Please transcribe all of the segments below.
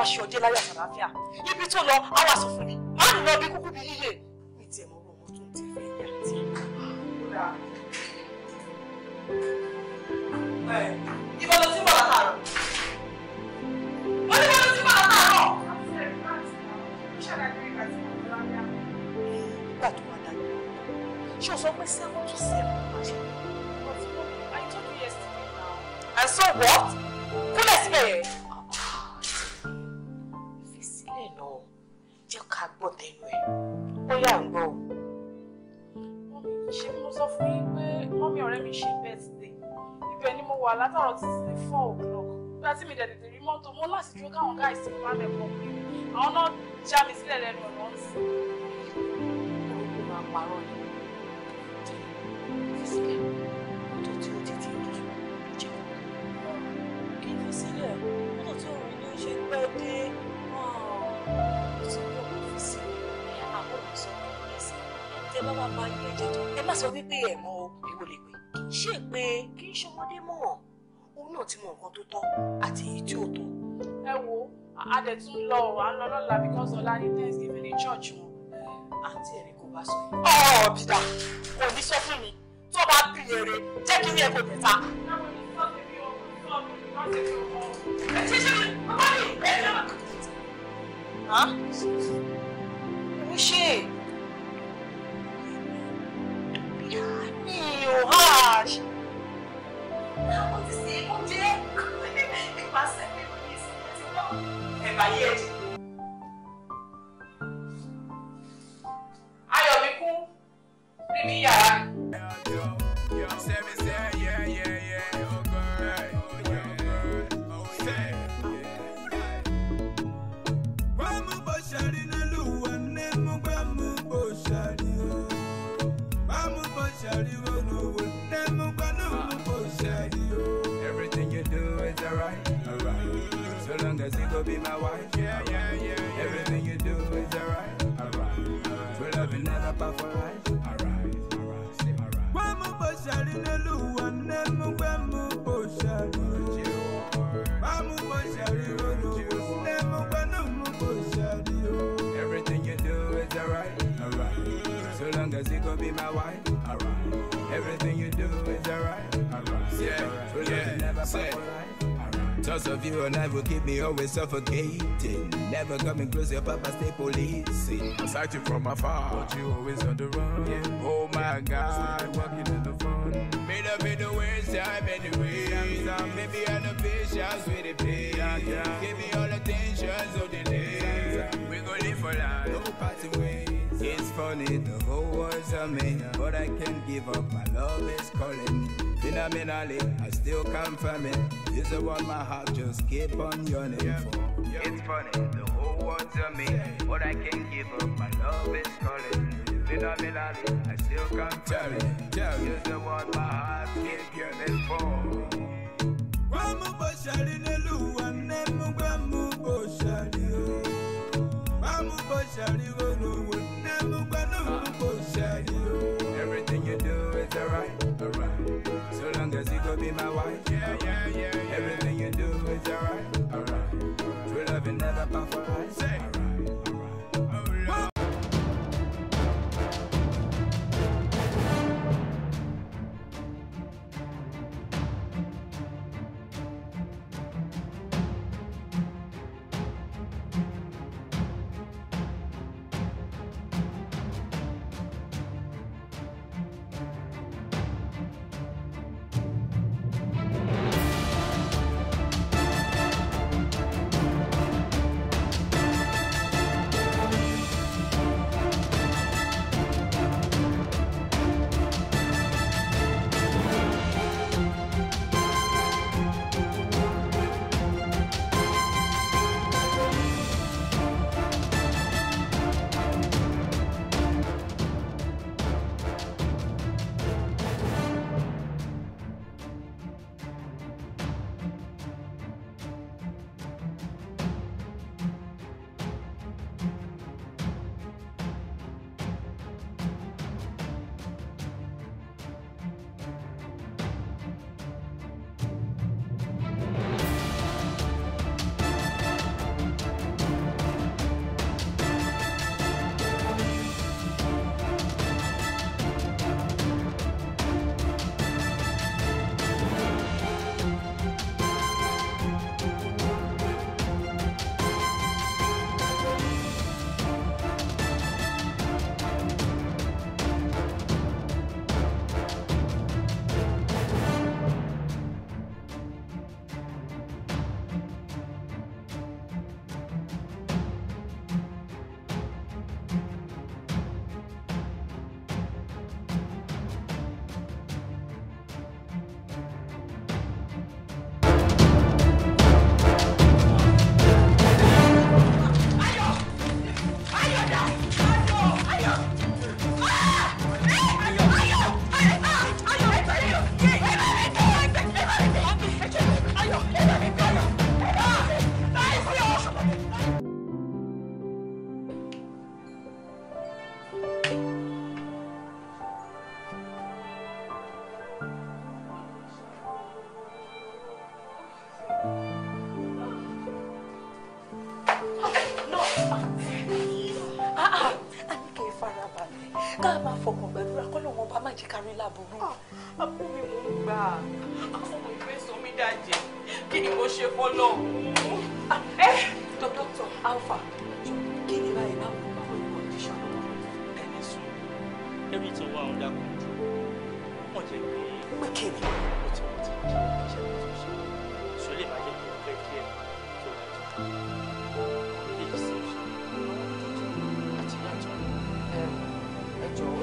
wá ṣe ọdẹ láyà àtàlàáfíà ibi tó lọ á wà sọ má nù lọ bí kúkú bí yíyẹ. mo láti dúró káwọn gáà ìsìn wá mẹ́kọ̀ọ́ pé àwọn náà já mi sílẹ̀ lẹ́nu ọ̀nà ń sìn. orúkọ máa parọ́ ni fisike mọ́tò tí ó tètè rí jẹ́ kí ni sílẹ̀ mọ́tò tí ó rí ni ó ṣe pẹ́ dé ọ̀sán yóò fi sí àwọn ọ̀sán ẹ̀sìn tẹ bá máa máa yẹ jẹjẹ ẹ má sọ wípé ẹ̀ mọ́ o èwo lè pè kì í ṣe pé kì í ṣọmọdé mọ́ òun náà ti mọ nǹkan tó tọ́ àti èyí tí ò tọ́ ẹ wo adẹ̀ tún lọ à ń lọ lọ́la because ọ̀la ní thanksgiving ní church wọn àǹtí ẹ̀rí kò bá sọ yìí. ọ̀ bìdà kò ní sọ fún mi tó bá bì èrè jẹ́ kí ní ẹ̀kọ́ bẹ̀ta. ó ṣe mi hà. Àwọn ti ṣe é kó jẹ́ nípasẹ̀. by always suffocating. Never coming close, your papa stay policing. I sight you from afar, but you always on the run. Yeah. Oh my God, walking in the fun. Made up in the waste time anyway. Maybe I'm the patient. with it. me, but I can't give up. My love is calling. Phenomenally, I still confirm it. This is what my heart just keep on yearning for. It's funny, the whole world's to me, but I can't give up. My love is calling. Phenomenally, I still confirm it. This is what my heart keep yearning for. Yeah, yeah, yeah, yeah. Everything you do is alright.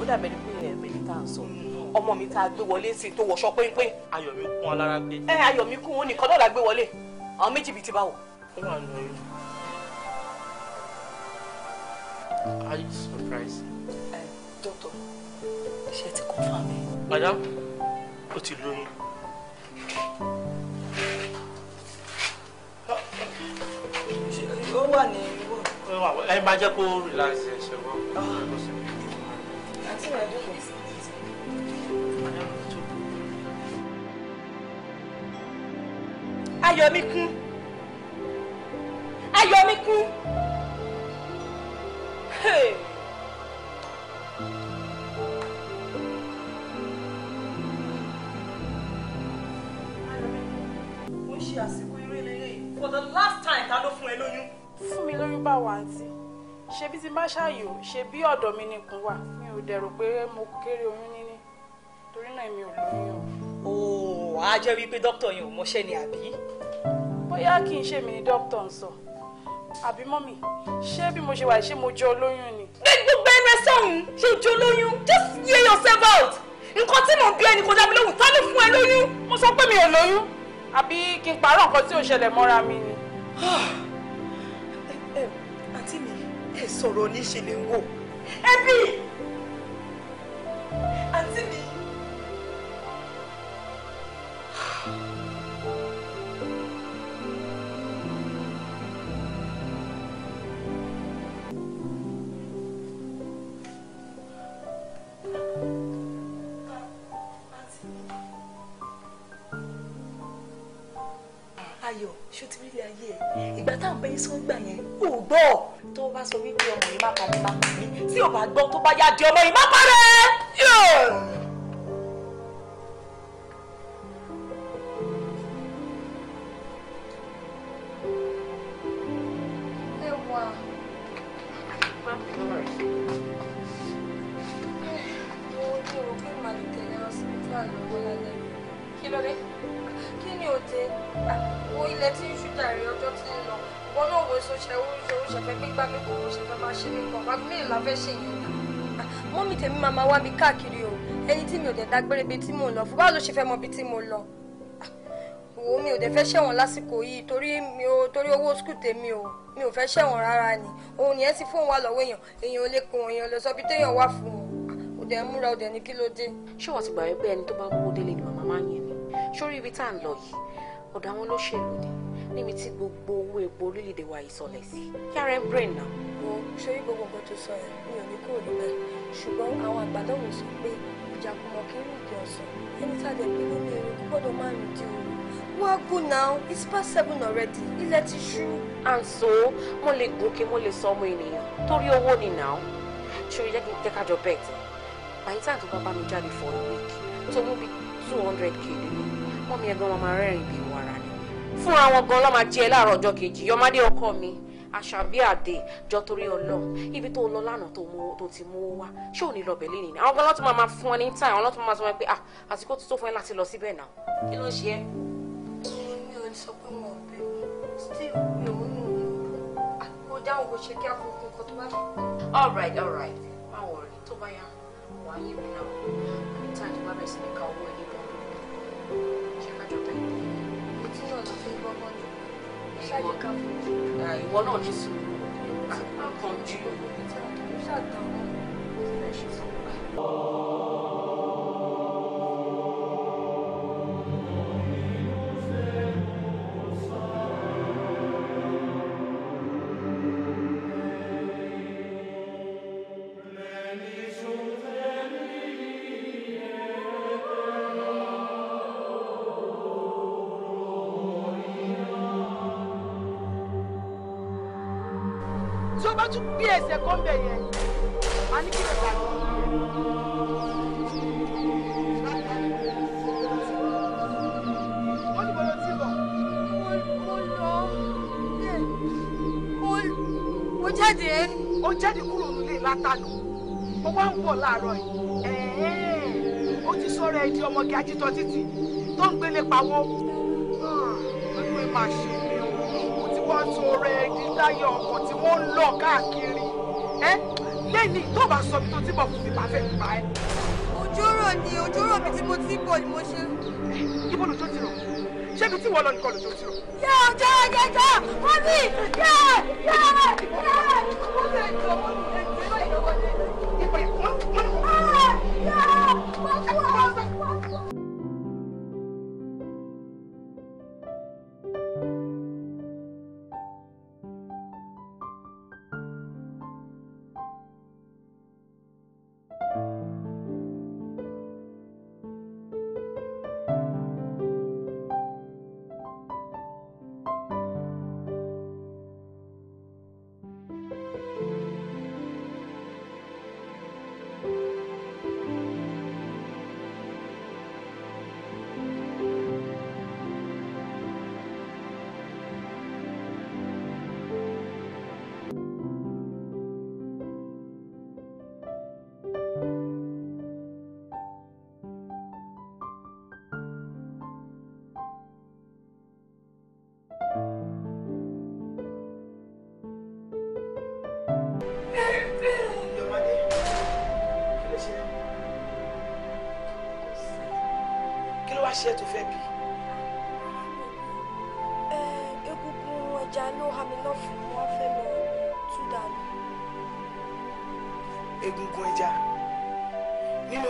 dàbẹ̀ ni pé ẹ̀mẹ́ ní tá à ń sọ ọmọ mi tá a gbé wọlé sí i tó wọṣọ péńpé. ayọ̀ mi kún alára gbé. ẹ ayọ̀ mi kún òun nìkan náà la gbé wọlé àwọn méjì bíi ti bá wọ. ó wà nù ẹ. are you surprised. ẹ dọ́tọ̀ ṣe ti kún fún mi. madam ó ti lóyún. ó wà ní. ẹ máa jẹ́ kó relax ẹ ṣe wọ́n. Ah. Ayọ̀míkún Ayọ̀míkún hey. mo ń ṣe àsìkò for the last time ta ló fún ẹ lóyún. fún mi lóyún báwo àǹtí ṣebí tí bá ṣàyò ṣebí ọ̀dọ̀ mi nìkún wà mi ò dẹ̀rù pé mo kéré oyún níní torí náà mi ò lóyún o. ooo a jẹ́ wípé dókítà yẹn ò mọṣẹ́ ni àbí. bóyá kì í ṣe mí ni dókítà ń sọ àbí mọ́mì ṣé bí mo ṣe wà ṣé mo jẹ olóyún ni. gbogbo ẹnu sọ̀hún ṣe jẹ olóyún just hear yourself out nǹkan tí mò ń bí ẹni kò dábí lóhùn tálẹ̀ fún ẹ lóyún. mo sọ pé mi ò lóyún àbí kí n pààrọ̀ nǹkan tí ò ṣẹlẹ̀ mọ́ra mi ni. Ah, àǹtí mi ẹ sọ̀rọ̀ oníṣe lè wò ẹbí àǹtí mi. ayọ̀ ṣó ti rí ilé ayé ẹ̀ ìgbà táwọn bẹ́yìn sọ ń gbà yẹn ò gbọ́ tó bá sọ wípé ọmọ yìí má parẹ́ má parẹ́ tí ò bá gbọ́ tó bá yá di ọmọ yìí má parẹ́. dágbére ibi tí mò ń lọ fún báwo ló ṣe fẹ́ mọ ibi tí mo lọ wo mi ò dé fẹ́ ṣẹ̀wọ̀n lásìkò yìí torí mi ò torí owó skul tèmi ò mi ò fẹ́ ṣẹ̀wọ̀n rárá ni òun nìyẹn sì fóun wà lọ́wọ́ èèyàn èèyàn ò lè kun èèyàn lọ sọ bí téèyàn wà fún un ò dẹ̀ múra ò dẹ̀ ní kí ló dé. ṣé wọ́n ti gbà wípé ẹni tó bá kú délé ni màmá máa ń yẹn ni sórí ibi tá à ń lọ yìí ọ̀dọ̀ àwọn olóṣèlú ni níbi tí gbogbo owó epo orílẹ̀-èdè wa yìí sọlẹ̀ sí yàrá ẹ̀ brain náà. mo ṣorí gbogbo nǹkan tó sọ yẹn mi ò ní kúrò níbẹ̀ ṣùgbọ́n àwọn àgbàdo mi sọ pé jàkùmọ̀ kí ní ìdí ọ̀sán ẹni tá a lè pín lórí eré kó gbọ́dọ̀ máa rìn di òru. wọ́n á gùn now it's past seven already ilẹ̀ ti ṣú. and so mo lè gòkè mo lè sọ ọmọ ènìyàn torí owó ni now ṣòro jẹ́ kí n tẹ́kájọ bẹ́ẹ̀ tẹ̀ báyìí táà tó bá bá mi jáde for a week tó mú bíi two hundred k nínú mọ́mi ẹ̀gbọ́n wọn máa rẹ́rìn-ín bíi wàrà ni fúnra wọn gan-an ló máa jẹ́ láàárọ̀ ọjọ́ kejì yọmádé ọkọ mi àṣàbí àdè jọ torí ọlọ ibi tó lọ lánàá tó ti mú wá ṣé ò ní lọ bẹ̀lẹ́ nìyẹn àwọn ọlọ́tún máa máa fún ọ ní táì àwọn ọlọ́tún máa sọ wọn pé ah àsìkò tó tó fún ẹ láti lọ síbẹ̀ náà kí ló ń ṣe ẹ́. mi ò sọ pé mo bẹ still mi ò nù mo dáhùn kò ṣe kí àkókò kan tó bá fi. all right all right má wọ rí tó bá yá wà á yé mi náà àbí táì tó bá bẹ̀rẹ̀ sí ní ká owó ẹ̀ ní bọ́ọ̀lù ṣe kájọ bẹ́ẹ̀ ṣáàyè ìwọ náà ní sùúrù àkànjú ṣáàtàn wọn fẹ́ ṣe fún wa. wọ́n tún gbé ẹsẹ̀ kan bẹ̀ yẹn a ní kí lè ká lọ. wọ́n ní bọ́lá ti lọ. mo lọ mo jáde. ó jáde kúrò nílé látàlú mo wá ń bọ̀ láàárọ̀ yìí ó ti sọ̀rọ̀ ẹ̀ di ọmọge ajítọ́ títì tó ń gbélé pawó. ó ní pé máa ṣe tún rẹ ẹni láyé ọkọ̀ tí wọ́n ń lọ káàkiri ẹ lẹ́ni tó bá sọ mi tó ti bọ̀ fún mi bá fẹ́ gbà ẹ́. ojúrò ni ojúrò mi tí mo ti bọ̀ ni mo ṣe. ibo lójó ti rọ ṣé ibi tí wọ́n lọ nìkan lójó ti rọ. yẹ ọjọ́ ẹ̀jẹ̀ jọ yẹ yẹ yẹ mo fẹ́ jọ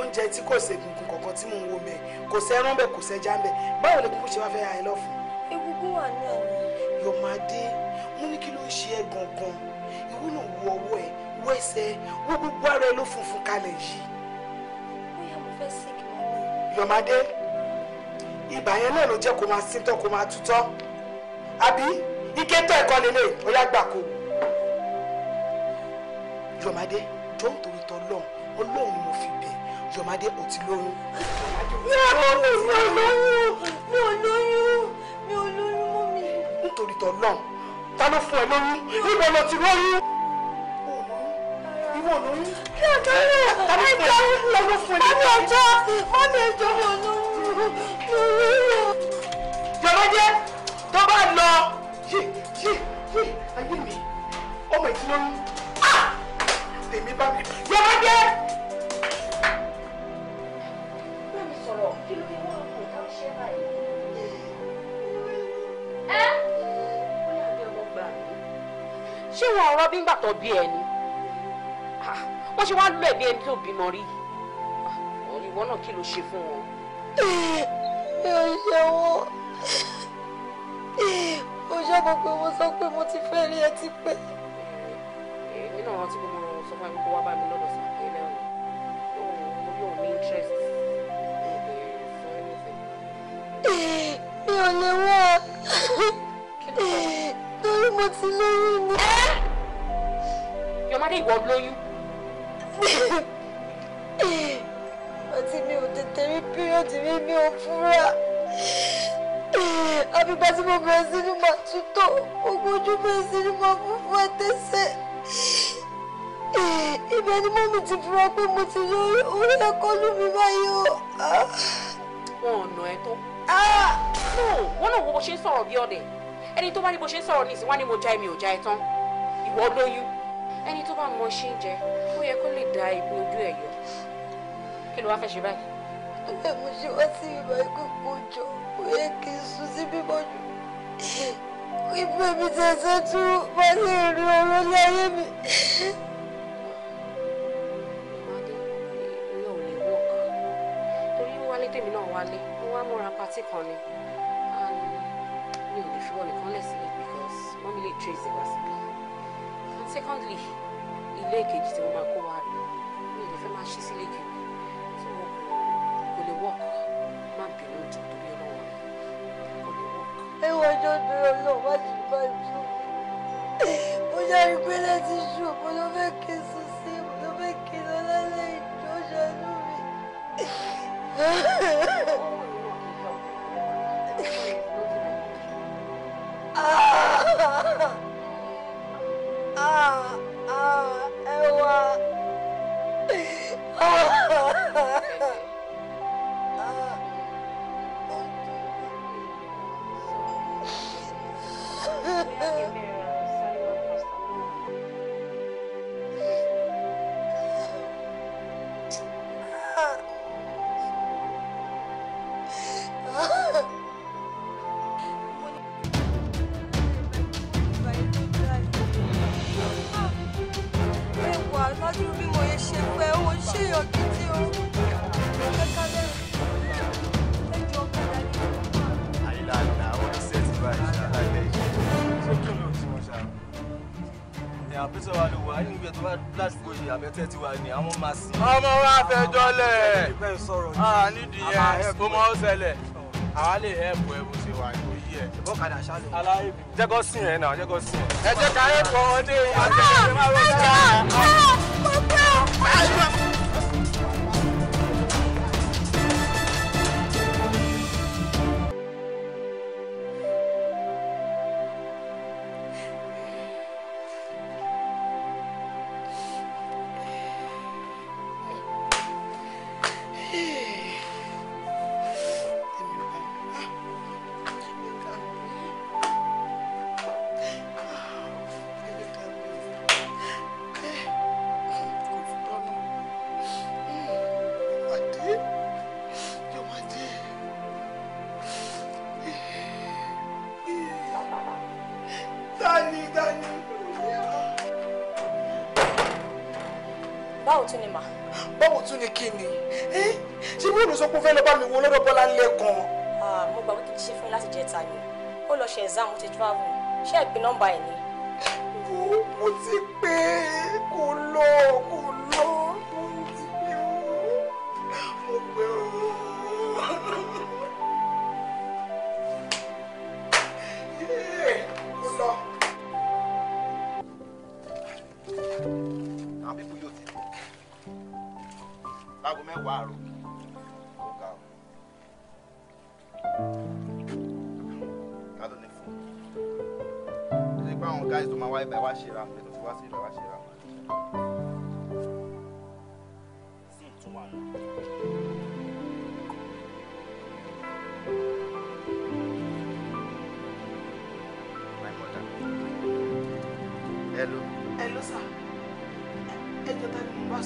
oúnjẹ tí kò ṣègùnkùn kankan tí mò ń wo bẹ́ẹ̀ kò sẹ́ran bẹ́ẹ̀ kò sẹ́já bẹ́ẹ̀ báwo lè kúkú ṣe wá fẹ́ ra ẹ lọ́fun. egungun wà ní ẹ̀rọ. yọ̀mádé mo ní kí ló ń ṣe ẹ gangan ìwọ náà wo ọwọ́ ẹ wo ẹsẹ̀ wo gbogbo ara ẹ ló funfun kalẹ̀ yìí. bóyá mo fẹ́ sick mọ́mí. yọ̀mádé ibà yẹn náà ló jẹ́ kó máa síntọ́ kó máa tutọ́ àbí ike tó ẹ̀kọ́ lélẹ̀ ó yá gbà kó. yọ̀mádé jọ́ nítorí tọ́lọ́ Jọmádé ò ti lóyún. mi ò lóyún mi ò lóyún mi ò lóyún mọ́ mi. nítorí tọ́lọ́n ta ló fún ẹ lóyún níbo ló ti lóyún. ìwọ lóyún. kí ọjọ́ rẹ̀ ta ló fún ẹ ta ló fún ẹ lóyún. mọ́mí ọjọ́ mọ́mí ọjọ́ mi ò lóyún mi ò lóyún. Jọmádé tó bá lọ yí yí yí ayé mi ọmọ ìdílóyún ah! tèmi bá mi. Jọmádé. ṣé wọn ọ̀rọ̀ bí ń gbàtọ bí ẹni ah, wọn ṣe wàá lọ ẹbí ẹni tó bímọ rí ah, ìwọ náà kí ló ṣe fún wọn. mi ò ṣe wọn mo ṣàbọ̀ pé mo sọ pé mo ti fẹ́ rí ẹ ti pẹ́. èmi náà rántí pé mo sọ fún mi kó wá bá mi lọ́dọ̀ sí pé lẹ́rù mo yóò ní interest fún anything. mi ò lè wá torí mo ti lóyún ni. Eh! Your ìwọ lóyún. blow you. ò tètè rí píríọ̀dì rí mi ò fúra. Àbígbà tí mo bẹ̀rẹ̀ sí ní máa tútọ̀, ogun ojú bẹ̀rẹ̀ sí ní máa funfun àtẹ̀sẹ̀. Ibẹ̀ ni mọ́mì ti fura pé mo ti lórí orí ẹ̀kọ́ lù mí báyìí o. Wọn ò nà ẹ tó. Ah! Ah! Wọ́n náà wo bó ṣe ń sọ̀rọ̀ bí ọ̀dẹ̀. Ẹni tó bá ní bó ṣe ń sọ̀rọ̀ nìsín wá ní mo já ẹ mi ò já ẹ tán. Ìwọ lóyún ẹni tó bá mọ ṣe ń jẹ ó yẹ kó lè da ibi ojú ẹ̀ yọ kí ló wá fẹ́ ṣe báyìí. ọ̀gá mo ṣe wá sí ìmọ̀ ikú ìpọ́jọ ó yẹ kí n sùn sí bímọ jù ìbú mi tẹ̀sẹ̀ tún bá lè rí ọ̀rọ̀ láyé mi. tèmi náà wálé mo wá múra pátí kan ni mi ò lè fi wọlé kan lẹ̀ sílẹ̀ because wọ́n lè trace ẹ̀ wá síbi secondly ilé ìkejì tí mo máa kó wa rè mi ò lè fẹ́ máa ṣí sílé kejì tí mo kò lè wọ́ọ̀kù má bínú tó torí ọlọ́wọ́ mi kò lè wọ́ọ̀kù. ẹ wọ ọjọ́ dúró náà má sì bá ìṣó mo ṣe ìpínlẹ̀ ti ṣù mo ló fẹ́ kí sùn sí mo ló fẹ́ kí n lọ lálẹ́ ìjọ mi. Ah! Ah, ah, ẹwà. Ah. jẹ́ kó sìn ẹ̀ náà jẹ́ kó sìn ẹ̀. ẹ jẹ́ ká ẹ̀ pọ̀ ọdẹ ìyá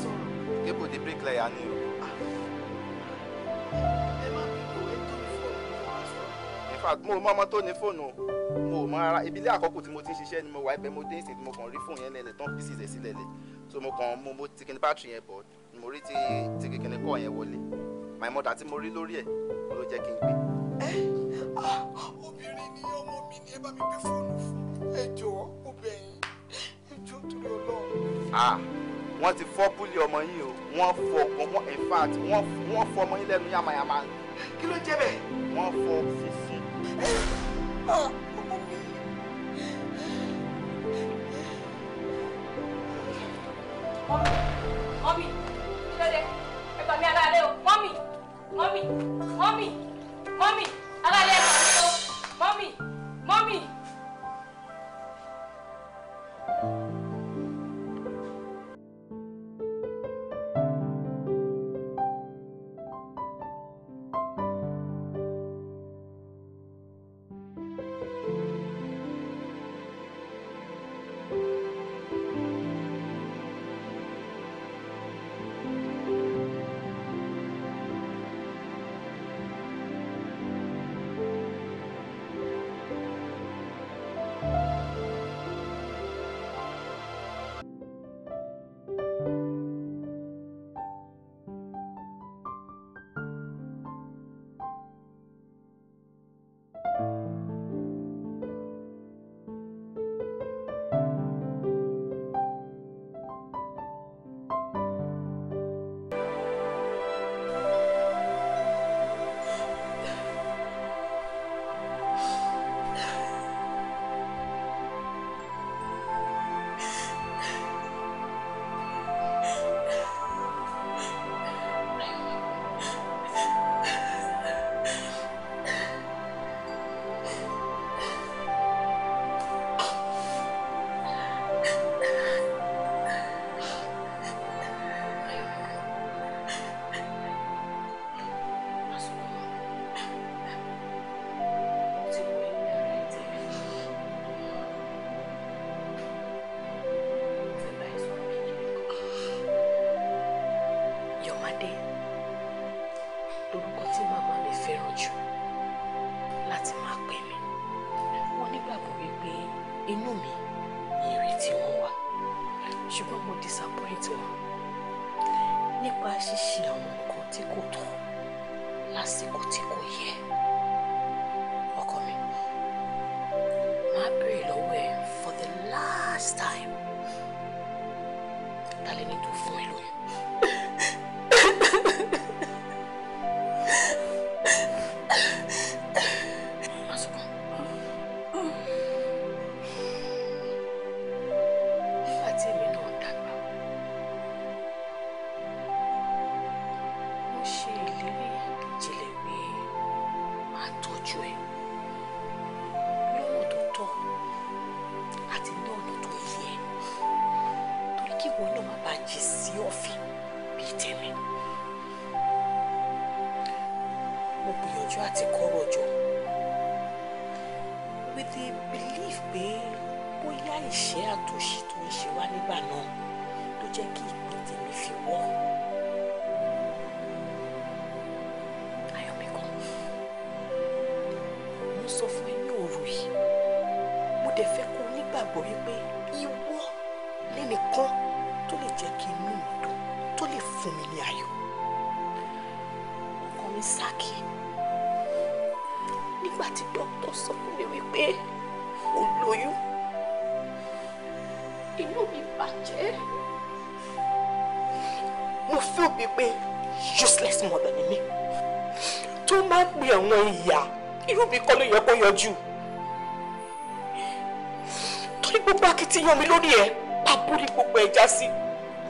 sọ̀rọ̀ kébù di bricklayer ni o. ẹ má mo mọ ọmọ tó ní fóònù mo mọ ara ibilé àkọ́kù tí mo ti ń ni mo wà ibẹ̀ mo dé ìsìn mo kàn rí fóònù yẹn lẹ́lẹ̀ tán pieces ẹ̀ sílẹ̀ lẹ̀ so mo kàn mo mo ti kíni bátìrì yẹn bọ̀ mo rí ti ti kíni kọ́ yẹn wọlé my mother tí mo rí lórí ẹ̀ ló jẹ́ kí n gbé. Ah, obìnrin ni ọmọ mi ni ẹ bá mi gbé fóònù fún ẹ jọ̀ọ́ mo bẹ̀ yín ẹ jọ̀ọ́ torí wọ́n ti fọ́ búlì ọmọ yín o wọ́n fọ ọkàn in fact wọ́n fọ ọmọ yín lẹ́nu yàmàyàmà. kí ló jẹ́ bẹ́ẹ̀. wọ́n fọ fífi. mọ́mì kí ló dé ẹ gbà mí aláàlẹ́ o mọ́mì mọ́mì mọ́mì mọ́mì aláàlẹ́ ẹ gbà mí o mọ́mì mọ́mì. tètè believe pé bóyá ìṣẹ́ àtòṣì tó ń ṣe wá nígbà náà ló jẹ́ kí ìpè tèmi fi wọ́. Ayọ̀míkan, mo sọ fún ẹ ní òru yìí, mo dẹ̀ fẹ́ kó nígbàgbọ́ wípé ìwọ lẹ́nìkan tó lè jẹ́ kí inú mi dùn tó lè fún mi ní ayọ̀. Ọkọ mi sákì nígbà tí dókítà sọ fún mi wípé mo lóyún inú mi bàjẹ́ mo feel bíi pé useless mother ni mí tó máa ń pe àwọn ìyá irú mi kọ́ ló yẹ kó yọjú torí gbogbo akitiyan mi lórí ẹ pàbó gbogbo ẹ sí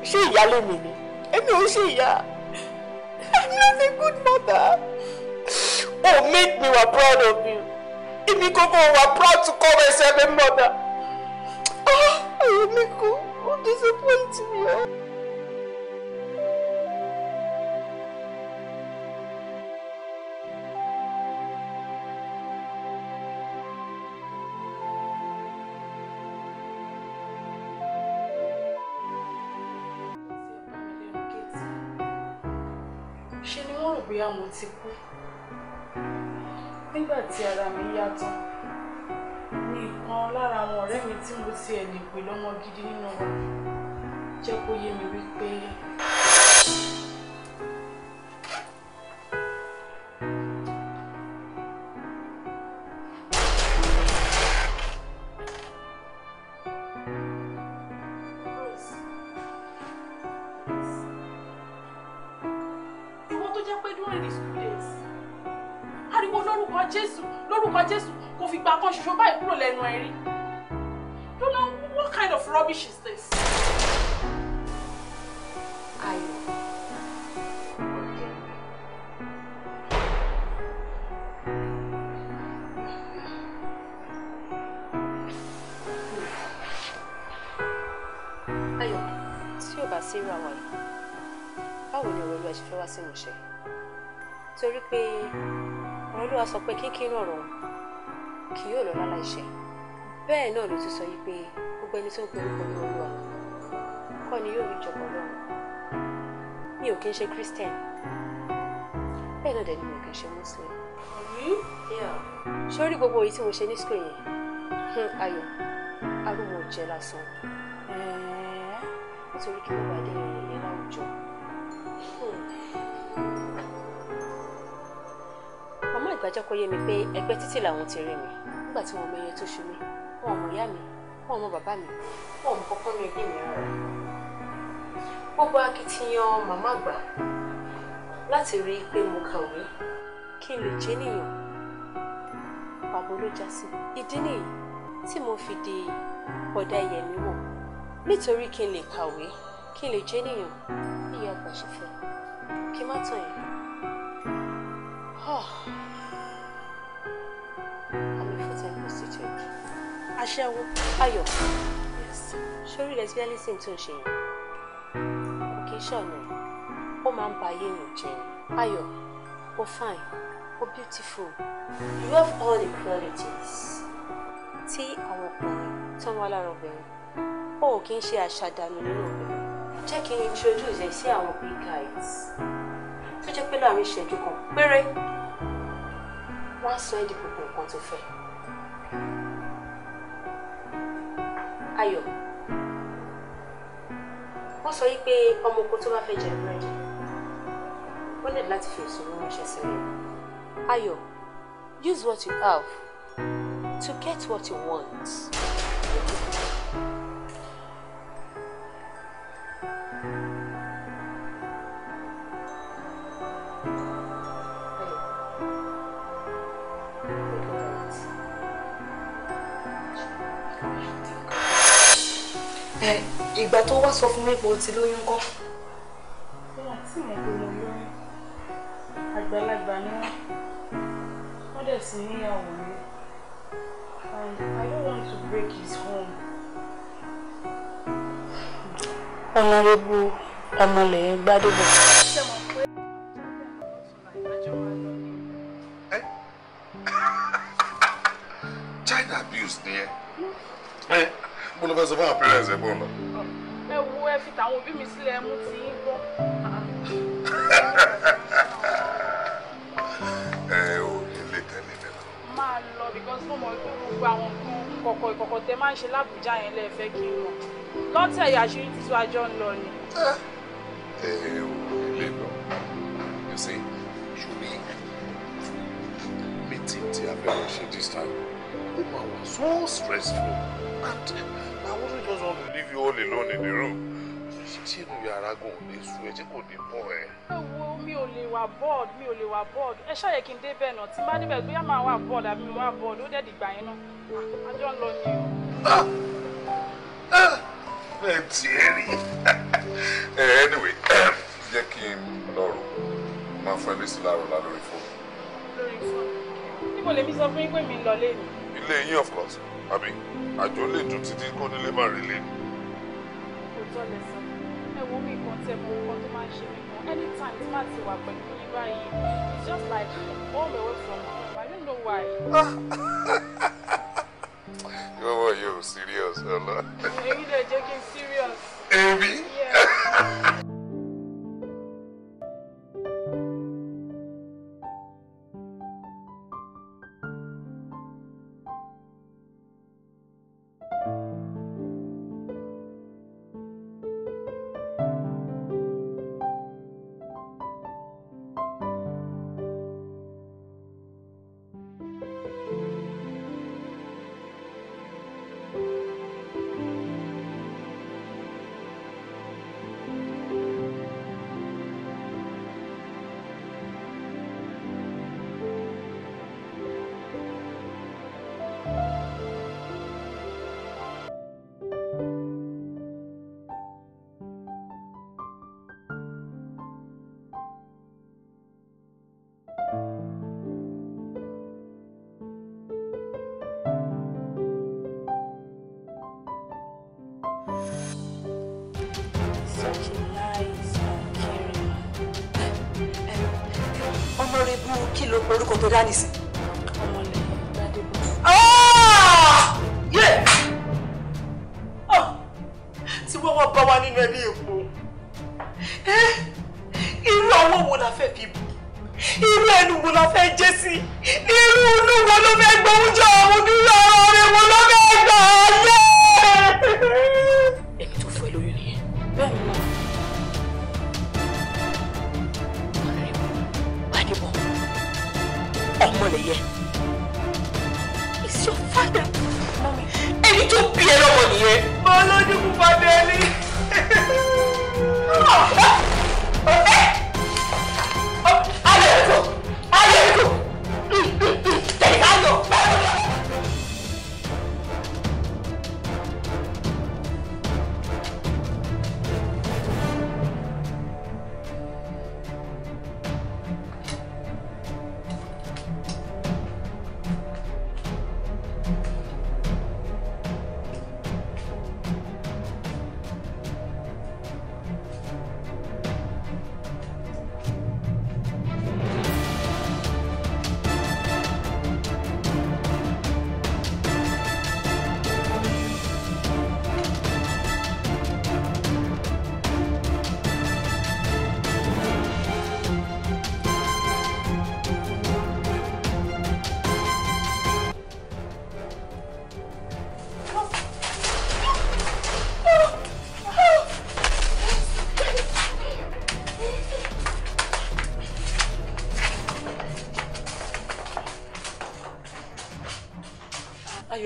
ṣé ìyá lèmi ni èmi ò ṣe ìyá I'm not a good mother. Oh, make me a proud of èmi gbogbo wà proud to call myself a mother. Ah, èmi kò ó disappoint mi o. bóyá mo ti tí ara mi yá tán ní ìkan lára àwọn ọ̀rẹ́ mi tí mo ti ẹ̀ lè pè lọ́mọ gidi nínú jẹ́ kó yé mi wípé jésù lórúkọ jésù kò fi gbà kan ṣoṣo báyìí kúrò lẹ́nu ẹ̀rí you know what kind of rubbish is this. ayọ̀ ayọ̀ tí ò bá sí ra wàyí báwo ni ọ̀rọ̀ ìlú ẹ̀ ṣe fẹ́ wá sínú iṣẹ́ torí pé olúwa sọ pé kíkín ọ̀rọ̀ kì yóò lọ lára iṣẹ́ bẹ́ẹ̀ náà ló ti sọ yìí pé gbogbo ẹni tó ń gbórúkọ ní olúwa kọ́ ni yóò rí ìjọba ọlọ́run mi ò kí ń ṣe christian bẹ́ẹ̀ náà dẹ̀ ni mi ò kí ń ṣe muslim. sórí gbogbo èyí tí mo ṣe ní school yẹn hm, ayọ̀ arúgbó jẹ́ lásán nítorí kí mo bá dé ìròyìn láwùjọ. Hmm ìbájọ́ kó yé mi pé ẹgbẹ́ títì làwọn ti rí mi nígbà tí wọ́n mọ iye tó ṣe mí wọn ò mọ ìyá mi wọn ò mọ bàbá mi wọn ò mọ kọ́kọ́ ní ẹbí mi rárá. gbogbo akitiyan màmá àgbà láti rí i pé mo kàwé kí n lè jẹ́ nìyàn pàbó ló já sí ìdí nìyí tí mo fi di ọ̀dà ìyẹ̀mí wọ̀ nítorí kí n lè kàwé kí n lè jẹ́ nìyàn bí ìyá àgbà ṣe fẹ́ kí n má tàn yín. 啊。Ah. aṣẹ́wó ayọ̀ sórí lesbianism tó ń ṣe yẹn kò kí ń ṣọ̀nà ó máa ń ba ayé yẹn jẹ́ ayọ̀ ó fine ó beautiful you have all the qualities tí àwọn ọkùnrin tó ń wá lára obìnrin ó kì í ṣe àṣàdànù nínú obìnrin jẹ́ kí n introduce ẹ sí àwọn big guys tó jẹ́ pé láàrin ìṣẹ́jú kan péré wọ́n á sọ ẹ́ di gbogbo nǹkan tó fẹ́. Ayọ̀ wọ́n sọ wípé ọmọ oko tó bá fẹ́ jẹ búrẹ́dì ó lè láti fi èso owó ránṣẹ́ sílẹ̀. use what you have to get what you want. ìgbà tó wá sọ fún mi pé o ti lóyún kọ́. ìyá tí mo gbé lọ àgbàlagbà ni wọ́n wọ́n dẹ̀ sì níyàwó mi and I don't want to break his home. ọ̀nàrẹ́bù ọmọlẹ̀yìn gbádùn. child abuse ni ẹ mo lọ fẹ́ sọ fún àwọn parents bọ́ọ̀nà fi tàwọn òbí mi sílẹ̀ mú ti ń gbọ́. ẹ ò ní lè tẹ́lẹ̀ mi lọ. máa lọ because mo mọ̀ pé gbogbo àwọn nǹkan kọ̀kọ̀ ìkọ̀kọ̀ tẹ máa ń ṣe lábùjá yẹn lẹ́ẹ̀fẹ́ kí n mọ̀ lọ́tẹ̀ ìyàṣú yìí ti tún ń lọ ni. ẹ ò ní lè lọ you see ṣùgbọ́n meeting tí a fẹ́ lọ ṣe this time ó máa wà so stressful and I wouldn't just want to leave you all alone in the room tí inú yàrá gan ò lè sùn ẹ tí kò ní bọ ẹ. ẹ wo mi ò lè wà board mi ò lè wà board ẹ ṣàyẹ kí n dé bẹ́ẹ̀ náà tí n bá níbẹ̀ bóyá máa wà board àbí mi wà board ó dẹ̀ dìgbà yẹn náà àjọ ń lọ ni o. Ah! Ah! ẹ tiẹ̀ rí ẹ anyway jẹ́ kí n lọ rò máa fún ẹ lé sí láàárọ̀ lálórí fóònù. lórí fóònù níbo lèmi sọ fún yín pé mi ń lọ lé mi. ilé yín of course àbí àjọ lè dùn títí kó nílé má rí lé. kò tọ́ lẹ sọ ẹ̀wọ̀n mi kan tẹ̀ mọ́ nǹkan tó máa ń ṣe mí kan anytime tí máa ti wà pẹ̀lú yín báyìí it's just like all the way from home I don't know why. Ìwọ́n wọ̀ yóò serious ọ̀la. Èyí lè jẹ́ kí n serious. Èmi? ló pe orúkọ tó dá nìsín. ọmọlẹ́yìn ah! gbadebo. Ah! tí wọ́n wọ́n bá wa nínú ẹbí o.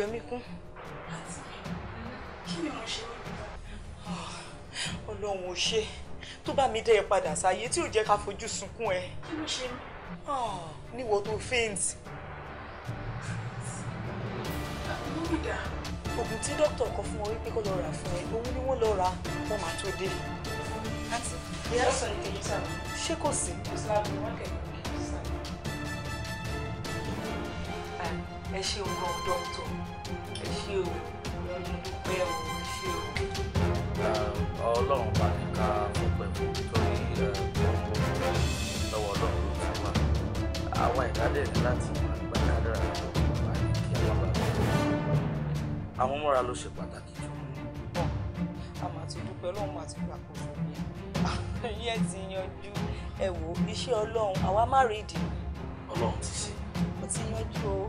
yọmí kún. kí ni mo ṣe wọ́n? Ah, ọlọ́run ò ṣe tó bá mi dẹ́ ẹ padà sáyé tí ò jẹ́ ká fojú sunkún ẹ. kí ló ṣe mí? Ah, níwọ tó faint. oògùn tí dókítà kọ fún ọ wípé kó lọ rà fún ẹ òun ni wọ́n lọ rà wọ́n máa tó dé. àǹtí ìyá sọ̀rọ̀ ìdílé sáà. ṣé kò sí? kò sí láàbù wọn ẹ ṣe nǹkan dọ́tọ̀ ẹ ṣe o ọdún dúpẹ́ o ẹ ṣe àwọn mọ́ra ló ṣe pàtàkì jù. a máa ti dúpẹ́ lọ́wọ́ máa ti gbà kó fún mi ẹ̀yìn ẹ̀ ti yanjú ẹ̀ iṣẹ́ ọlọ́run àwa má rí ìdí. ọlọ́run ti ṣe. ó ti yanjú o.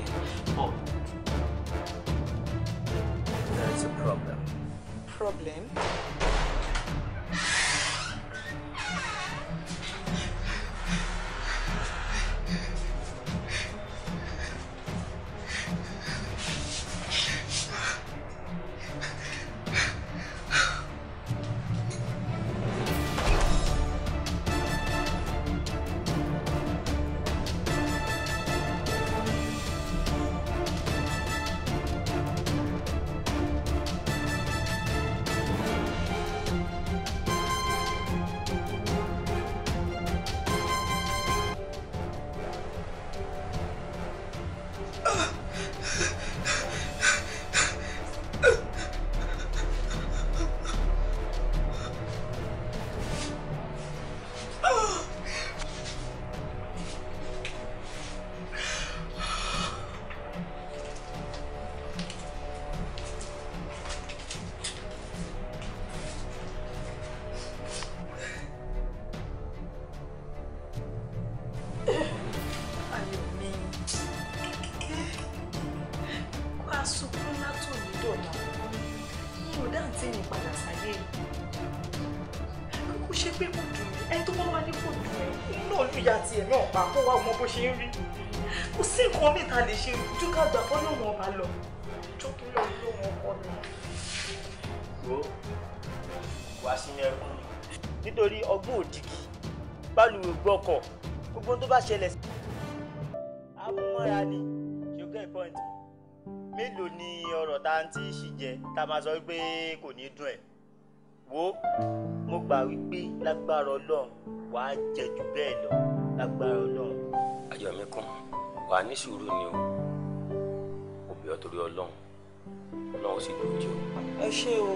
problem bó ṣe ń rí kò sí nǹkan mi ta lè ṣe ju ká gbà fọ́ lóun ọba lọ jókòó lọ lóun ọkọ mi. wo wàá sí ní ẹkún ni nítorí ọgbọ́n òdìkì báluwẹ̀ gbọ́kọ̀ gbogbo tó bá ṣẹlẹ̀ sí. amúmọ́ra ni ṣùgbọ́n point mélòó ni ọ̀rọ̀ tá à ń tí ṣì jẹ tá a máa sọ pé kò ní dùn ẹ̀ wo mo gbà wípé lágbára ọlọ́run wàá jẹ jù bẹ́ẹ̀ lọ lágbára ọlọ́run. ayọ̀míkún wà á ní sùúrù ni o òbí ọ̀tọ̀rí ọlọ́run ọlọ́run sì lójú o. ẹ ṣé o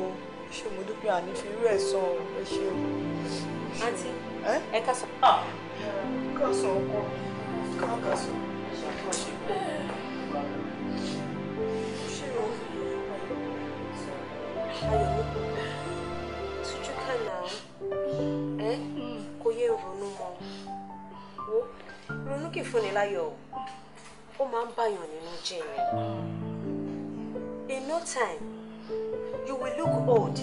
ẹ ṣé mo dúpẹ́ àní fi irú ẹ̀ sọ ọ ẹ ṣé o. àǹtí ẹ ká sọ. Ah! ká sọ ọkọ ká ká sọ. Ayọ̀míkún, tujú kan náà, ẹ kò yé ronú mọ́ wo ronú kì í fúnni láyọ̀ o ó máa ń bàyàn nínú jẹ́ ni in no time you will look old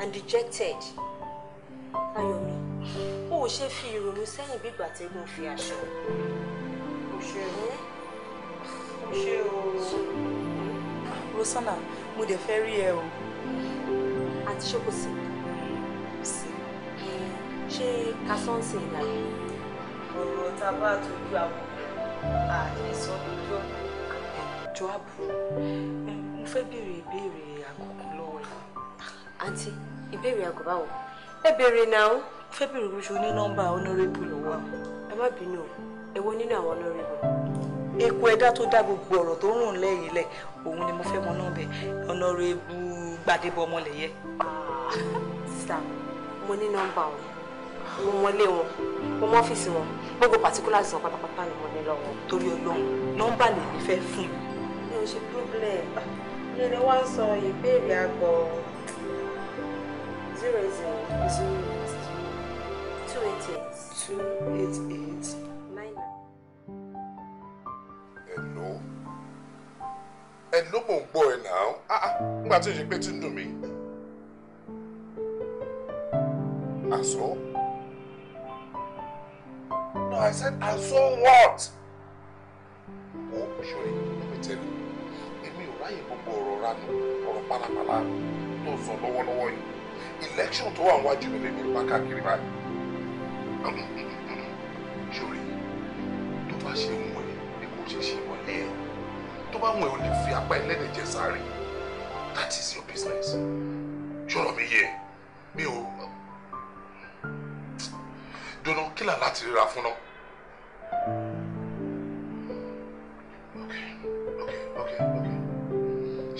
and dejected Ayọ̀mí o ò ṣe fi ìrònú sẹ́yìn bí ìgbà tẹ́gùn fi aṣọ kò ṣe o kò ṣe o. Rosanna mo dẹ̀ fẹ́ rí ẹ o. àti ṣé kò sí. sí. ṣé kasọ́ǹsì ìlànà ọ̀rọ̀ tá a bá tójú àbò àìsọ lójú ọ̀pọ̀ jọ́àbù mo fẹ́ béèrè ìbéèrè àkọ́kọ́ lọ́wọ́ rẹ̀. àǹtí ìbéèrè àgọ́ báwo. ẹ béèrè náà ó fẹ́ béèrè bó ṣe ní nọ́mbà ọ̀nọ́rẹ́bù lọ́wọ́ mi. ẹ má bínú o èwo nínú àwọn ọ̀nọ́rẹ́bù. eku ẹ̀dá tó dá gbogbo ọ̀rọ̀ tó ń rùn lẹ́yìn lẹ̀ òun ni mo fẹ́ mọ náà bẹ̀ ọ̀nọ́rẹ́bù gbàdébọ̀ ọmọlẹ̀yẹ. Ah, sísá mo ní nọ́mbà wọn mo mọlé wọn mo mọ ọ́fíìsì wọn gbogbo particulars wọn pátápátá ni mo ní lọ́wọ́ torí ọlọ́run nọ́mbà lè ní fẹ́ fún mi ò ṣe problem mi ni wọ́n sọ ìbéèrè àgbọ̀ zero zero zero two eight eight two eight eight nine nine. ẹ̀lò ẹ̀lò mò ń gbọ́ ẹ̀ náà ah, ah, nígbà tí ìṣègbè ti ń dùn mí. àṣọ. No, I said, and so what? Oh, sorry, let me tell you. Èmi ò ráyè gbogbo ọ̀rọ̀ ránú, ọ̀rọ̀ pálapàla no one, no one. Election to one, níwájú you lèmi bá káàkiri báyìí. Sorry, tó bá ṣe wù ẹ́ ni kò ṣe ṣe wọlé ẹ̀. Tó bá wù ẹ́ o lè fi apá ẹlẹ́dẹ̀ jẹ sáré. That is your business. Ṣọ̀rọ̀ mi yé mi ò dùnú kí là láti ríra fún náà.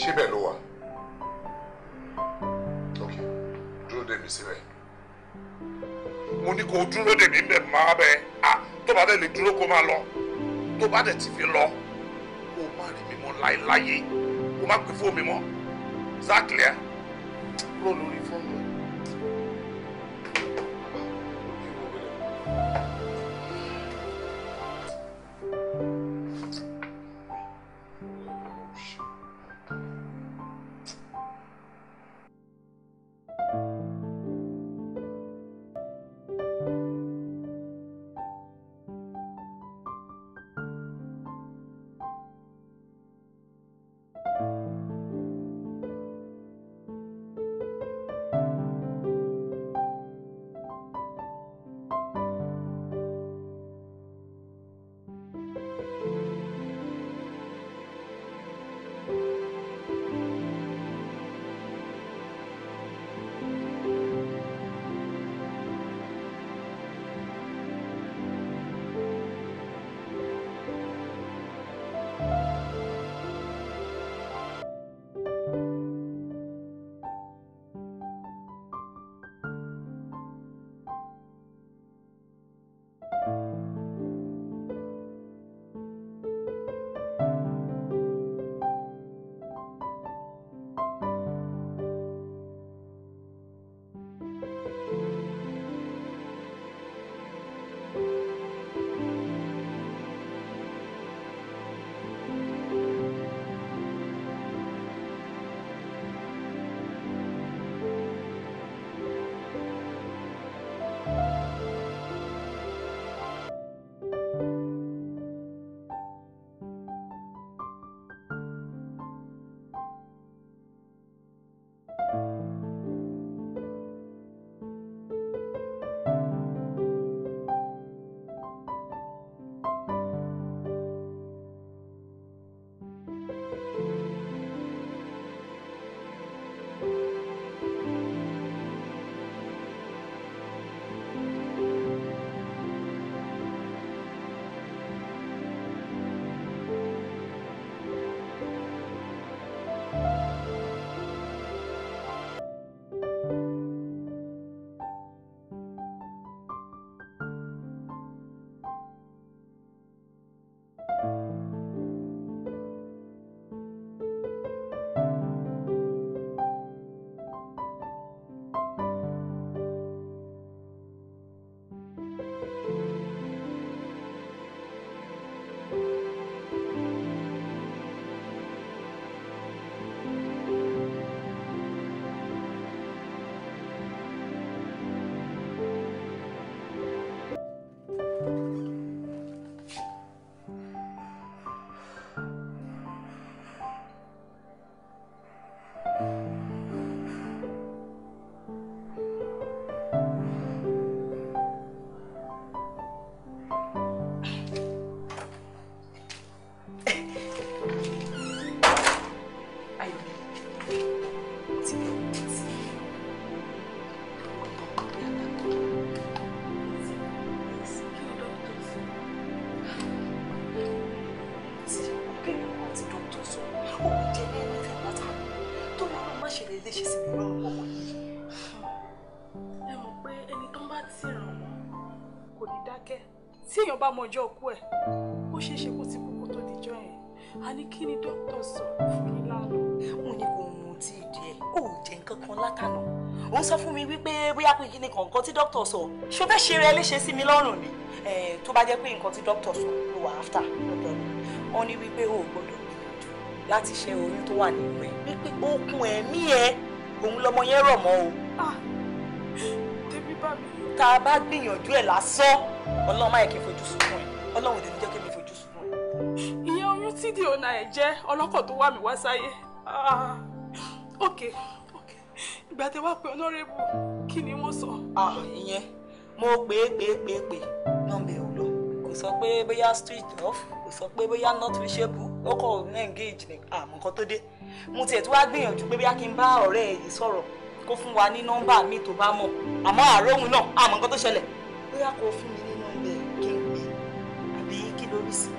ṣé bẹ́ẹ̀ ló wà ok dúró dè mí síbẹ̀ mo ní kó dúró dè mí bẹ́ẹ̀ máa bẹ́ẹ̀ ah tó bá dẹ̀ lè dúró kó máa lọ tó bá dẹ̀ ti fi lọ kó má rí mi mọ́ láéláyé kó má pè fóònù mi mọ́ exactly ẹ lórí fóònù. téèyàn bá mọ ọjọ́ òkú ẹ̀ ó ṣe kó ti kú kó tó dijọ́ yẹn a ní kí ni dókítà sọ fún yín lánàá. mo ní kò mu tí ì díẹ̀ ó jẹ nǹkan kan látànà ó sọ fún mi wípé bóyá pé kí ni kọ̀ọ̀kan tí dókítà sọ ṣó fẹ́ ṣe rẹ léṣe sí mi lọ́rùn ni tó bá jẹ́ pé nǹkan tí dókítà sọ ló wà áfítà lọ́dọ̀ mi wọ́n ní wípé ó gbọ́dọ̀ gbìyànjú láti ṣe oyún tó wà nínú ẹ̀ wípé okun ẹ̀mí ẹ̀ òun lọmọ yẹn rọ̀ mọ́ o. débi ah, bá mi. tá a bá gbìyànjú ẹ̀ lásán ọlọ́run má yẹ kí n fojú sunkún ẹ̀ ọlọ́run ò lè ní jẹ́ kí n fojú sunkún ẹ̀. ìyẹn oyún tí di ọ̀nà ẹ̀ jẹ́ ọlọ́kọ̀ tó wà mí wá sáyé ah, ok ok ìgbà tẹ wá pé ọlọ́rẹ́bù kí ni wọ́n sọ. Ah, ìyẹn mo pè é pè é pè é pè nọ́mbà ẹ̀ ò lọ kò sọ pé bóyá street off kò sọ pé bóyá not reachable ó kọ̀ ní engage ní àmọ́ ah, nǹkan tó dé mo tiẹ̀ tó wá gbìyànjú pé bóyá kí n bá ọ̀rẹ́ yìí sọ̀rọ̀ kó fún wa ní nọ́mbà mi tó bá mọ̀ àmọ́ àárọ̀ òun náà àmọ́ nǹkan tó ṣẹlẹ̀ bóyá kó fún mi sí.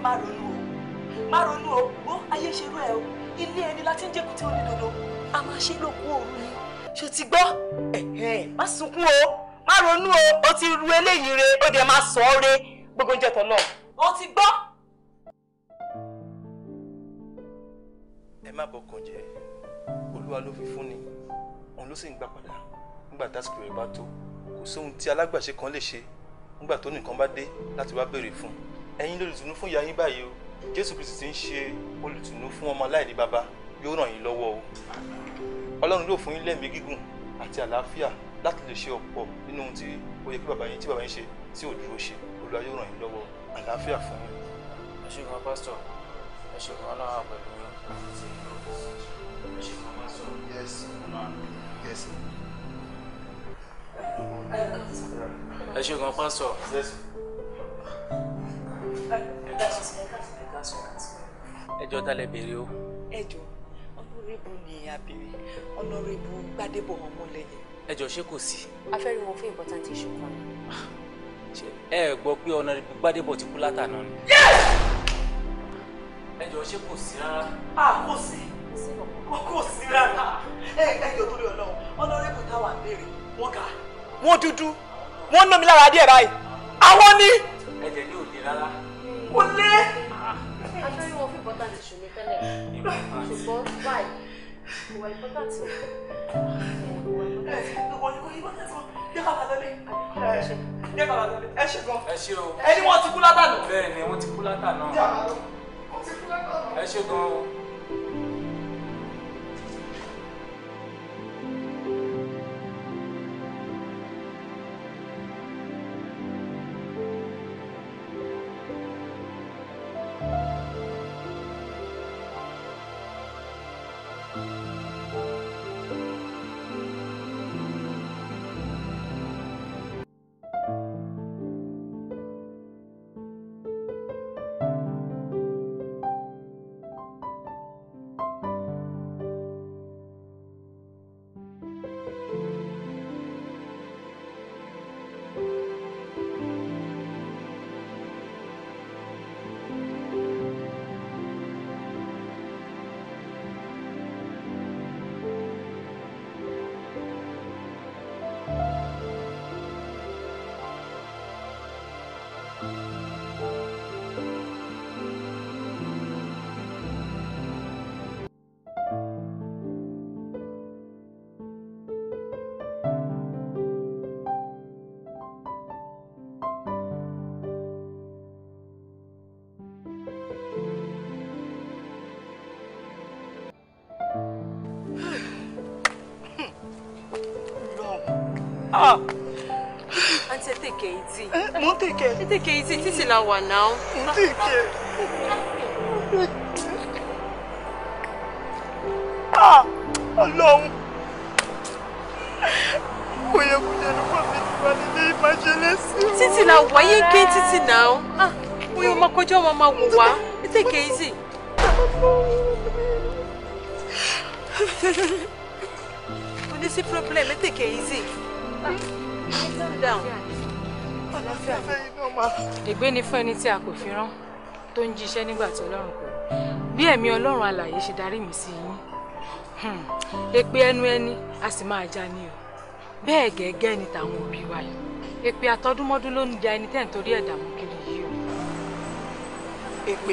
má ronú o má ronú o ó ayé ṣerú ẹ o ilé ẹni láti ń jẹ́kùn tí dodo a máa ṣe lókun òru ni ṣó ti gbọ́ má sunkún o má ronú o ó ti ru eléyìí re ó dẹ̀ máa sọ ọ́ re gbogbo oúnjẹ tán náà ó ti gbọ́. ẹ má bọkàn jẹ́ olúwa ló fi fún ni òun ló sì ń gbà padà nígbà tásìkò rẹ̀ bá tó kò sóhun tí alágbàṣe kan lè ṣe nígbà tó nìkan bá dé láti wá béèrè fún ẹ̀yin lólùtùnú fún ìyá yín báyìí o jésù kristu ti ń ṣe olùtùnú fún ọmọ aláìní bàbá yóò ràn yín lọ́wọ́ o ọlọ́run yóò fún yín lẹ́mìí gígùn àti àlàáfíà láti lè ṣe ọ̀pọ̀ nínú ohun tí ó yẹ kí bàbá yín tí bàbá yín ṣe tí ò dúró ṣe olúwa yóò ràn yín lọ́wọ́ àlàáfíà fún yín. ẹ ṣe kan pásítọ̀ ẹ ṣe kan ọlọ́run àpẹẹrẹ ẹ ṣe kan pásítọ̀ ẹ ṣe gan pásítọ̀. ẹjọ́ dalẹ̀ béèrè o. ẹjọ́ ọ̀nàrẹ́bù ni àbèrè ọ̀nàrẹ́bù gbàdébò ọmọlẹ́yìn. ẹjọ́ ṣé kò sí. a fẹ́ rí wọn fún important issue kan. ẹ gbọ́ pé ọ̀nàrẹ́bù gbàdébò ti kú látàná ni. ẹjọ́ ṣé kò sí rárá. a ah, kò sí kò sí rárá. ẹ ẹjọ́ torí Ọlọ́run ọ̀nàrẹ́bù táwa ń béèrè wọn kà á wọ́n dúdú wọ́n nà mí lára díẹ̀ báyìí àwọn ni. ẹ̀jẹ̀ ní òde rárá. ó lé. aṣọ yìí wọn fi bọ́tà lè ṣùmí tẹ́lẹ̀ ṣùgbọ́n báyìí ìwà ìbọ́tà ti ẹ ṣe gan. ẹ ṣe o. ẹni wọn ti kú látà náà. bẹ́ẹ̀ni wọn ti kú látà náà. ẹ ṣe gan o. àǹtí ah. ẹ tèkè yìí tì. mo ń tèkè. ẹ tèkè yìí tì títì la wà náà. mo ń tèkè. Ah, ọlọ́run kò yẹ kó jẹ́ nípa mi tí wà nílé ìmájẹ́lẹ́ sí i. títì la wà yé gé títì náà. bóyá ah, ọmọ kọjá ọmọ máa wò wá ẹ tèkè yìí tì. Kò problem, ẹ tèkè yìí ègbé ni fún ẹni tí a kò fi rán tó ń jíṣẹ́ nígbà tí ọlọ́run kò bí ẹ̀mí ọlọ́run alààyè ṣe darí mi sí yín hmm, èpè ẹnu ẹni a sì máa já ni o bẹ́ẹ̀ gẹ́gẹ́ ni tàwọn òbí wa yìí èpè àtọdúnmọ́dún ló ń da ẹni tẹ́ ń torí ẹ̀dààmú kiri yìí o. èpè.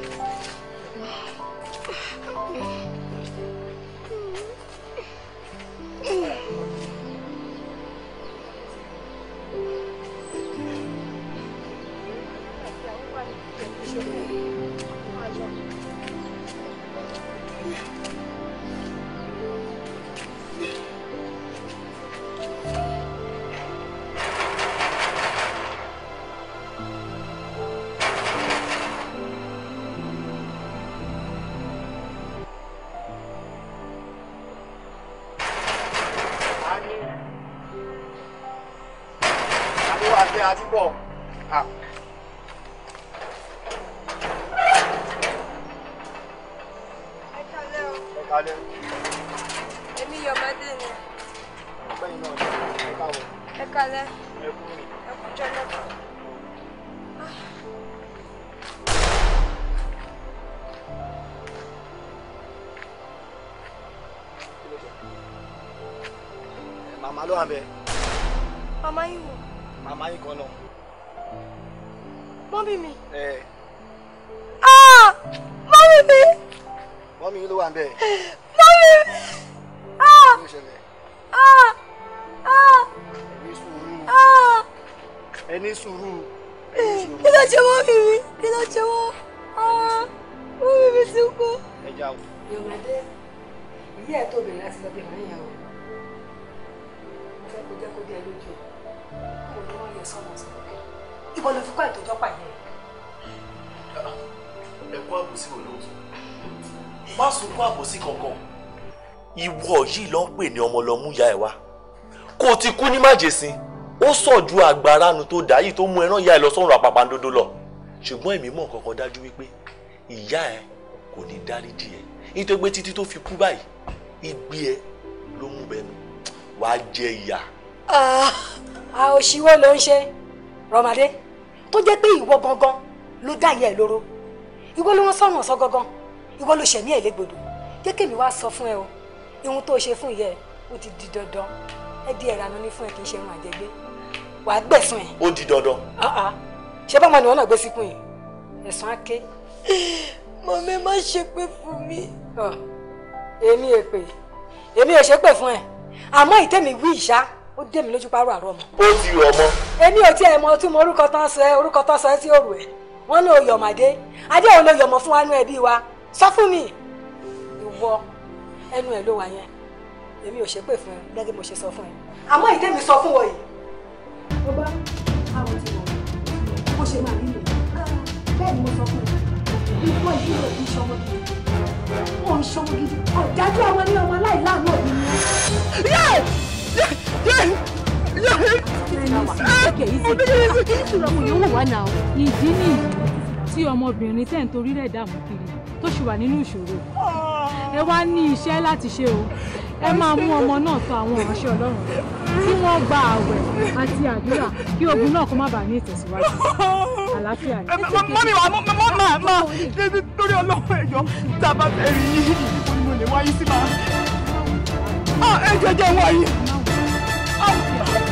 ibo ló fi kọ́ ìtọ́jọ́ pàyẹ́ rẹ̀. ẹ̀kọ́ àbòsí wò ló má sunkún àbòsí kankan ìwọ yìí ló ń pè ní ọmọ lọ mú ya ẹ wá kó o ti kú ní májèsín ó sọ ju àgbàranu tó dà yìí tó mú ẹran ìyá ẹ lọ sọ́run àpàpàǹdodo lọ ṣùgbọ́n èmi mọ̀ kankan dájú wípé ìyá ẹ kò ní dáríjì ẹ nítorí pé títí tó fi kú báyìí igbe ẹ ló mú bẹnu wàá jẹ ìyà. Ah, a ò ṣíwọ́ ló ń ṣe rọmọdé tó jẹ́ pé ìwọ gangan ló dá ìyá ẹ̀ lóró ìwọ ló wọ́n sọ̀rọ̀ ọ̀sán gangan ìwọ ló ṣẹ̀mí ẹ̀ légbodò jẹ́ kémi wá sọ fún ẹ o ihun tó ṣe fún ìyá ẹ̀ ó ti di dandan ẹ di ẹ̀ranu ní fún ẹ kì í ṣe irun àjẹgbé wàá gbẹ̀sùn ẹ̀. ó di dandan. ṣé bá wọn ni wọn náà gbé síkùn yìí ẹ̀sùn á ké. mọ̀mí má ṣe pé fún mi. èmi èpè èmi ò ṣe pè fún ẹ àmọ́ ìtẹ́mi wí ìṣá ó dé mi lójú párọ̀ àrọ̀ mọ́. ó ti rọ̀ mọ́. èmi ò tiẹ̀ mọ tún mọ orúkọ tán sọ ẹ orúkọ tán sọ ẹ tí ò rò ẹ wọn ló yọmọdé adé òun ló yọmọ fún wa nú ẹbí wa sọ fún mi ìwọ ẹnu ẹ ló wà yẹn èmi ò ṣépè fún ẹ gẹ́gẹ́ mo ṣe sọ fún ẹ àmọ́ ìdé mi sọ fún wọ yìí. mo bá àwọn tí wọn bó ṣe máa nílò bẹ́ẹ̀ ni mo sọ fún ẹ ìwọ yìí rẹ kì í gidi wọn ń ṣọmọ gidi ọ̀dájú àwọn ní ọmọ aláìláàánú ọ̀dùn ìdí nìyí tí ọmọbìnrin tẹ̀ ń torí rẹ̀ dààmú kiri tó sì wà nínú ìṣòro ẹ wá ní iṣẹ́ láti ṣe o ẹ máa mú ọmọ náà tọ̀ àwọn ìránṣẹ́ ọlọ́run tí wọ́n gba àwẹ̀ àti àdúrà kí ogun náà kó má bàa ní ìtẹ̀síwájú àlàáfíà ni. mọ́mí wa mọ́ máa máa débi lórí ọlọ́run ẹ̀yọ́ tá a bá bẹ̀rẹ̀ yín níbo ni mo lè wáyé sí máa. ẹ jẹ́ jẹ́ wáyé.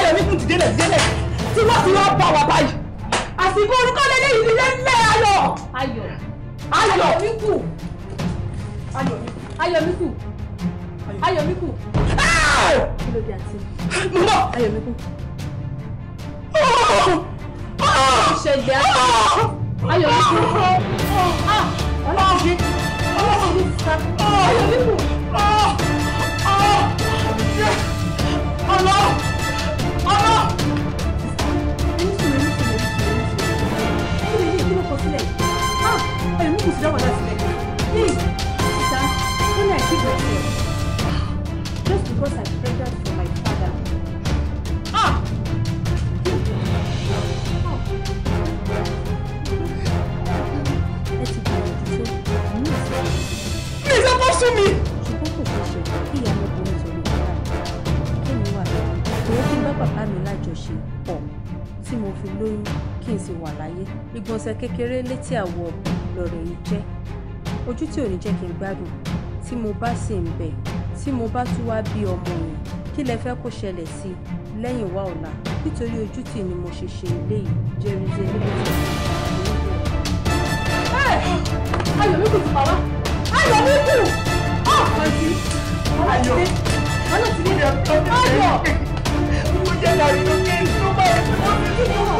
ayọ̀ mi kún ti délẹ̀ délẹ̀ tí wọ́n ti wá bá wa báyìí àsìkò orúkọ lélẹ́ yìí nílé ńlẹ̀ ayọ̀. ayọ̀ ayọ̀ mi kù ayọ̀ mi kù ayọ̀ mi kù. kí ló dé àti. mọ ayọ̀ mi kù. ìṣẹ̀lẹ̀ ayọ̀ mi kù. Ah, ọlọ́run ṣe ọlọ́run ṣe sísá ayọ̀ mi kù. ọlọ́run. ẹ̀mí kò sí dáwọ̀ láti lẹ̀. Please, sister, when I keep my ah, just because I'm pregnant for my father. Ah! Mi ìfẹ́ kọ́ sún mi. Ṣùgbọ́n kò fẹ́ ṣe kí ìyá mi bomi sọ̀rọ̀ ìyá rẹ̀. Kí ni wà? Òun ti bá bàbá mi lájọṣe pọ̀ tí mo fi lóyún kí n sì wà láyé ìgbọ̀nsẹ̀ kékeré létí àwọ̀ lọ̀rọ̀ yìí jẹ́ ojú tí ò ní jẹ́ kí n gbádùn tí mo bá sì ń bẹ̀ tí mo bá tún wá bí ọmọ yẹn kí lẹ fẹ́ kó ṣẹlẹ̀ sí i lẹ́yìn wá ọ̀la nítorí ojú tì ni mo ṣe ṣe eléyìí Jerusalem. ayọ̀míkù ti pa wá ayọ̀míkù ọ̀pọ̀ sí ayọ̀ ayọ̀ ti ní ìdẹ̀rọ̀ ayọ̀ mo jẹ́ ìdàrí lókè tó bá yẹ kó tó ní ìdúró.